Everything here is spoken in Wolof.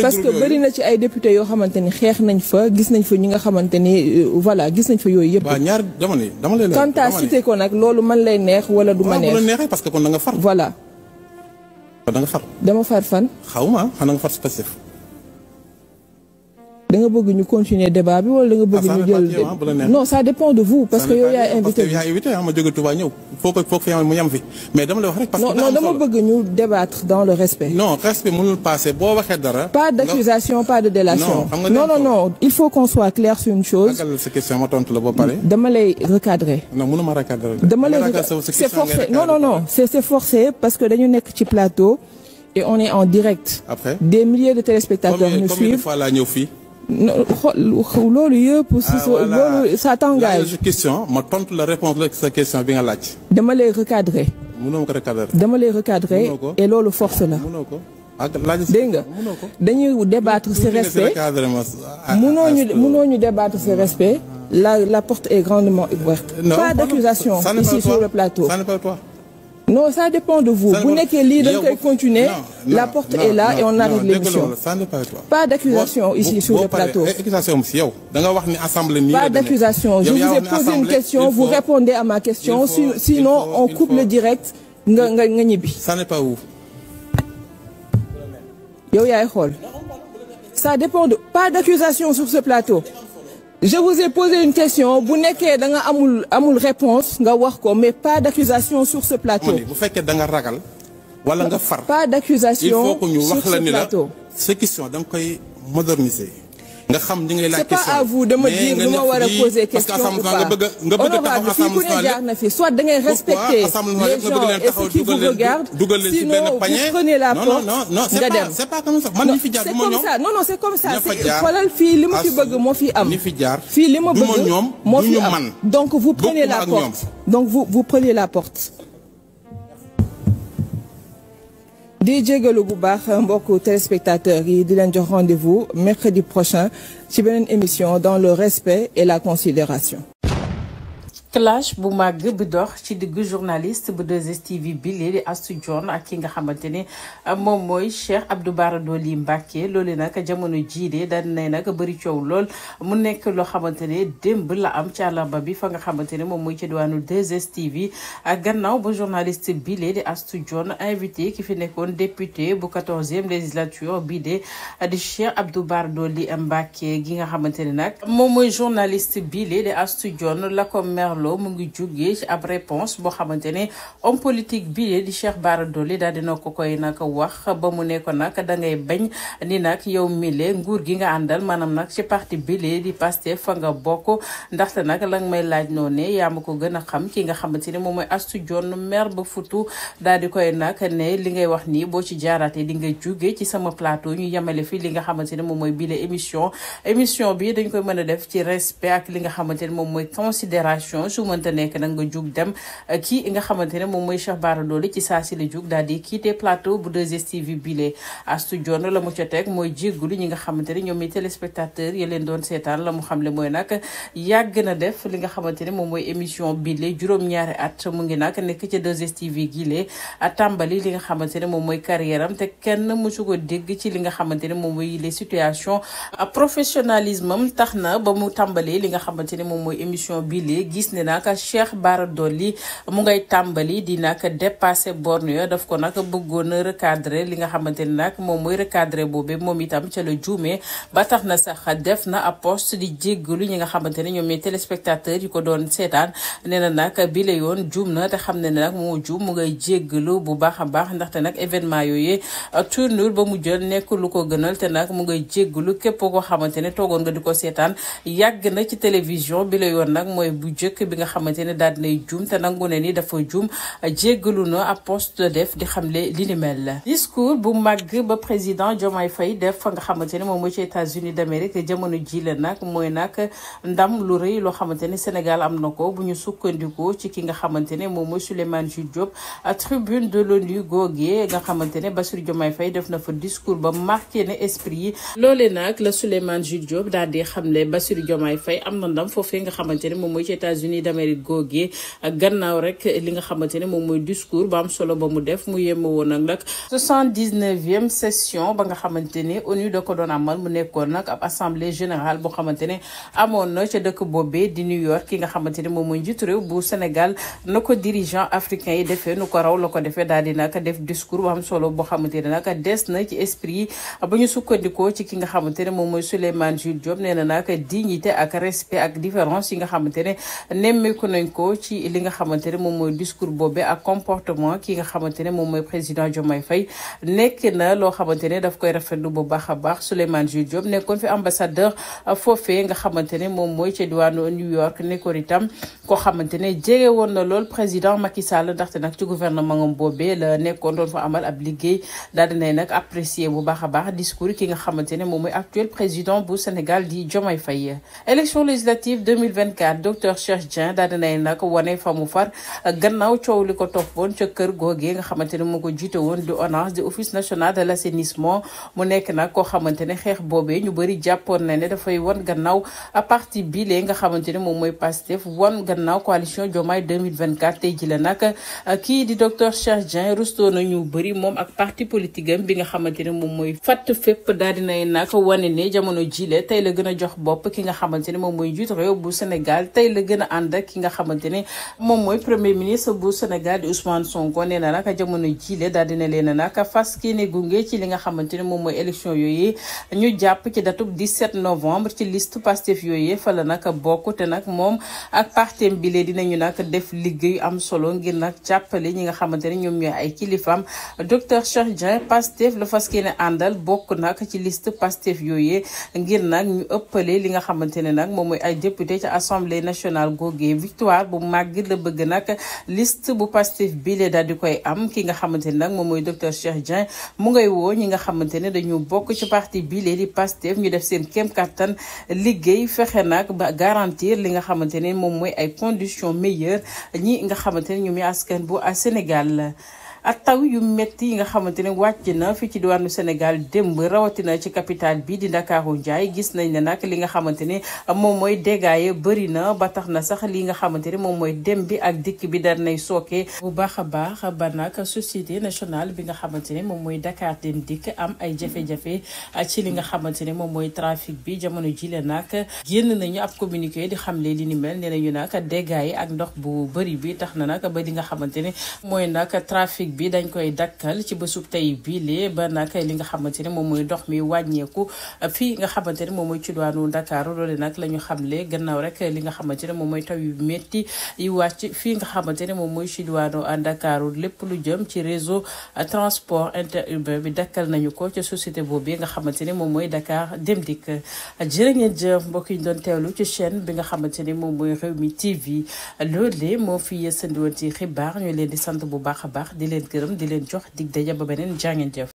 parce que vous na ci ay député yo xamanteni ni nañ fa gis nañ fa ñi nga euh, voilà gis nañ fa dama lay dama lay. cité ko nak loolu man lay neex wala du ma ah, neex. ont parce que kon da nga far. voilà. da nga far. dama far fan. xawma nga far da nga bëgg ñu continuer débat bi wala da nga bëgg ah, ñu hein, non ça dépend de vous parce que vous yaay invité yaay invité ah, ma jóge Touba ñëw foo faut foo ko fi mu yem fi mais dama le wax rek parce que non dama bëgg ñu débattre dans le respect non respect mënul passer boo waxee pas d'accusation pas de délation non non non il faut qu'on soit clair sur une chose sa question ma tontu la boo pare dama lay recadrer non recadrer dama lay c'est forcé non non non c'est forcé parce que dañu nekk ci plateau et on est en direct après des milliers de téléspectateurs nous suivent loolu yëpp. si ah, sa loolu ça t'engage question ma tontu la réponse la sa question bi nga laaj. dama les recadrer. mënoo recadrer. dama les recadrer. et loolu force la. mënoo ko ak laaj. dégg nga dañuy débattre si respect. Ah, ah, mënoo ñu mënoo débattre si respect. la la porte est grandement ouverte. pas d'accusation ici sur le plateau. ça ne parle pas non ça dépend de vous Vous n'êtes que l'idée. vous continuer la porte est là et on arrive l'émission pas d'accusation ici sur le plateau pas d'accusation je vous ai posé une question vous répondez à ma question sinon on coupe le direct ça n'est pas où. ça dépend de pas d'accusation sur ce plateau je vous ai posé une question. Vous n'avez pas de réponse, mais pas d'accusation sur ce plateau. Vous faites que Pas d'accusation sur ce plateau. Ces questions, donc, moderniser c'est pas à vous de me dire poser question pas soit da respecter les gens qui vous regardent sinon vous prenez la porte non, non c'est pas comme ça C'est comme ça. non non c'est comme ça donc vous prenez la porte donc vous prenez la porte DJ jégalu bu de téléspectateurs yi di rendez-vous mercredi prochain ci une émission dans le respect et la considération clash bu mag bu dox ci digg journaliste bu 2STV bi lee di Astou ak ki nga xamante euh, mom moy Cheikh Abdou Bara Dolly Mbacké lolé nak jamono jidé daan né nak bari ciow lol mu nekk lo xamante demb la am ci àllarba bi fa nga xamante mom moy ci diwanu 2STV ak gannaaw bu journaliste bi lee di Astou invité ki fi nekkoon député bu 14e législature bi dé euh, di Cheikh Abdou Bara Dolly Mbacké gi nga xamante nak mom moy journaliste bi lee di la ko mer Lo mu ngi jugee ci ab réponse boo xamante ne homme politique bii di Cheikh Bara Dolly daal dina ko koy nag wax ba mu ne nag da ngay bañ nii nag yow mile nguur gi nga àndal maanaam nag ci parti bii di Pastef fa nga bokk ndaxte nag la may laaj noo ne yaa ma ko gën a xam ki nga xamante ne moom mooy astu Dione maire ba futu dal di koy nag ne li ngay wax nii boo ci jaaraatee di nga jugee ci sama plateau ñu yemale fii li nga xamante ne moom mooy bile émission émission bi dañ koy mën a def ci respect ak li nga xamante ne moom mooy considération su mënta nekk nag nga jug dem euh, ki nga xamante ne moom mooy Cheikh Bara ci saa si la jug daal di quitté plateau bu 2STV bile Astou Dione la mu ca teg mooy jéggalu ñi nga xamante ne ñoom i téléspectateurs yi leen doon seetaan la mu xamle mooy nag yàgg na def li nga xamante ne moom mooy émission bile juróom-ñaari at mu ngi nag nekk ca 2STV gile tàmbali li nga xamante ne moom mooy carrière te kenn mësu ko dégg ci li nga xamante ne ne moom mooy émission bile gis ne di nag Cheikh Bara mu ngay tàmbali di nag dépassé borne yo daf ko nag bëggoon a recadré li nga xamante ni nag moom mooy recadré boobu moom itam ca la juumee ba tax na sax def na ab poste di jéggalu ñi nga xamante ne ñoom ñooy téléspectateur yi ko doon seetaan nee na nag bi la yoon juum na te xam ne nag moo juum mu ngay jéggalu bu baax a baax ndaxte nag événement yooyu tournure ba mu jël nekk lu ko gënal te nag mu ngay jéggalu képp koo xamante ne toogoon nga di ko seetaan bi nga xamante ne daal dinay juum te nangu ne ni dafa juum jéggalu na ab poste def di xamle li ni mel la discours bu màgg ba président Diomaye Faye def nga xamante ne moom mooy ci États-Unis d'Amérique jamono ji la nag mooy nag ndam lu rëy loo xamante ne Sénégal am na ko bu ñu sukkandikoo ci ki nga xamante ne moom mooy Souleymane Jules Diop tribune de l'ONU googee nga xamante ne Bassirou Diomaye Faye def na fa discours ba marqué ne esprit yi loole nag la Souleymane Jules Diop daal di xamle Bassirou Diomaye Faye am na ndam foofee nga xamante moom mooy ci États-Unis États-Unis d'Amérique googee gannaaw rek li nga xamante ne moom mooy discours ba am solo ba mu def mu yem woon nag nag 79e session ba nga xamante ne ONU da ko doon amal mu nekkoon nag ab assemblée générale boo xamante ne amoon na ca dëkk boobee di New York ki nga xamante ne moom mooy njiitu réew bu Sénégal na ko dirigeant africain yi defee nu ko raw la ko defee daal di nag def discours ba am solo boo xamante ne nag na ci esprit yi ba ñu ci ki nga xamante ne moom mooy Souleymane Jules Diop nee na dignité ak respect ak différence yi nga xamante ne nemmeeku nañ ko ci li nga xamante ne moom mooy discours boobee ak comportement ki nga xamante ne moom mooy président Diomaye Faye nekk na loo xamante ne daf koy rafetlu bu baax a baax Souleymane Jules Diop nekkoon fi ambassadeur foofee nga xamante ne moom mooy ca diwaanu New York nekkoon itam koo xamante ne jege woon na lool président Macky Sall ndaxte nag ci gouvernement am boobee la nekkoon doon fa amal ab liggéey daal dinay nag apprécier bu baax a baax discours ki nga xamante ne moom mooy actuel président bu Sénégal di Diomaye Faye élection législative 2024 docteur Cheikh quotidien daal dinay nag wane fa mu far gannaaw coow li ko toppoon ca kër googee nga xamante ne moo ko jiite woon di ONAS di office l' assainissement mu nekk nag koo xamante ne xeex boobee ñu bëri jàppoon na ne dafay wan gannaaw parti bi nga xamante ne moom mooy Pastef wan gannaaw coalition Diomaye 2024 tey ji la nag kii di docteur Cheikh Dieng rustoo na ñu bëri moom ak parti politique bi nga xamante ne moom mooy fatt fépp daal dinay nag wane ne jamono jile tey la gën a jox bopp ki nga xamante ne moom mooy jiitu réew bu Sénégal tey la gën a ànd ak ki nga xamante ne moom mooy premier ministre bu Sénégal di Ousmane Sonko nee na nag jamono jiile daal dina leen a nag fas kii ne gunge ci li nga xamante ne moom mooy élection yooyu ñu jàpp ci datub 17 novembre ci liste Pastef yooyu fa la nag bokk te nag moom ak partem bi ci liste Pastef yooyu ngir nag ñu ëppale li nga xamante ne moom mooy ay député ci assemblée nationale Gueye victoire bu màgg la bëgg nag list bu Pastef bi lee daal di koy am ki nga xamante ne nag moom mooy docteur Cheikh Dieng mu ngay woo ñi nga xamante ne dañu bokk ci parti bi lee di Pastef ñu def seen kéem kattan liggéey fexe nag ba garantir li nga xamante ne moom mooy ay conditions meilleures ñi nga xamante ne ñu muy askan bu Sénégal ak taw yu métti yi nga xamante ne wàcc na fii ci diwaanu Sénégal démb rawatina ci capitale bi di Ndakaaru Njaay gis nañ ne nag li nga xamante ne moom mooy dégâts yi bëri na ba tax na sax li nga xamante ne moom mooy dem bi ak dikk bi daan nay sooke bu baax a baax ba nag société nationale bi nga xamante ne moom mooy Dakar dem dikk am ay jafe-jafe ci li nga xamante ne moom mooy trafic bi jamono jile nag génn nañu ab communiquer di xamle li ni mel nee nañu nag dégâts yi ak ndox bu bari bi tax na nag ba di nga xamante ne mooy nag trafic politique bi dañ koy dakkal ci bésub tey bii lee ba nag li nga xamante ne moom mooy ndox mi wàññeeku fii nga xamante ne moom mooy ci diwaanu Dakar loole nag la ñu xamle gannaaw rek li nga xamante ne moom mooy taw yu métti yi wàcc fii nga xamante ne moom mooy ci diwaanu lépp lu jëm ci réseau transport interurbain bi dakkal nañu ko ci société boobu nga xamante ne moom mooy Dakar Dem di jërë ngeen jëf mbokk yi ñu doon ci chaîne bi nga xamante ni moom mooy mi TV loole moo fi yësandiwoon ci xibaar ñu leen di sant bu baax a baax di leen leen di leen jox dig daje ba beneen jaa ngeen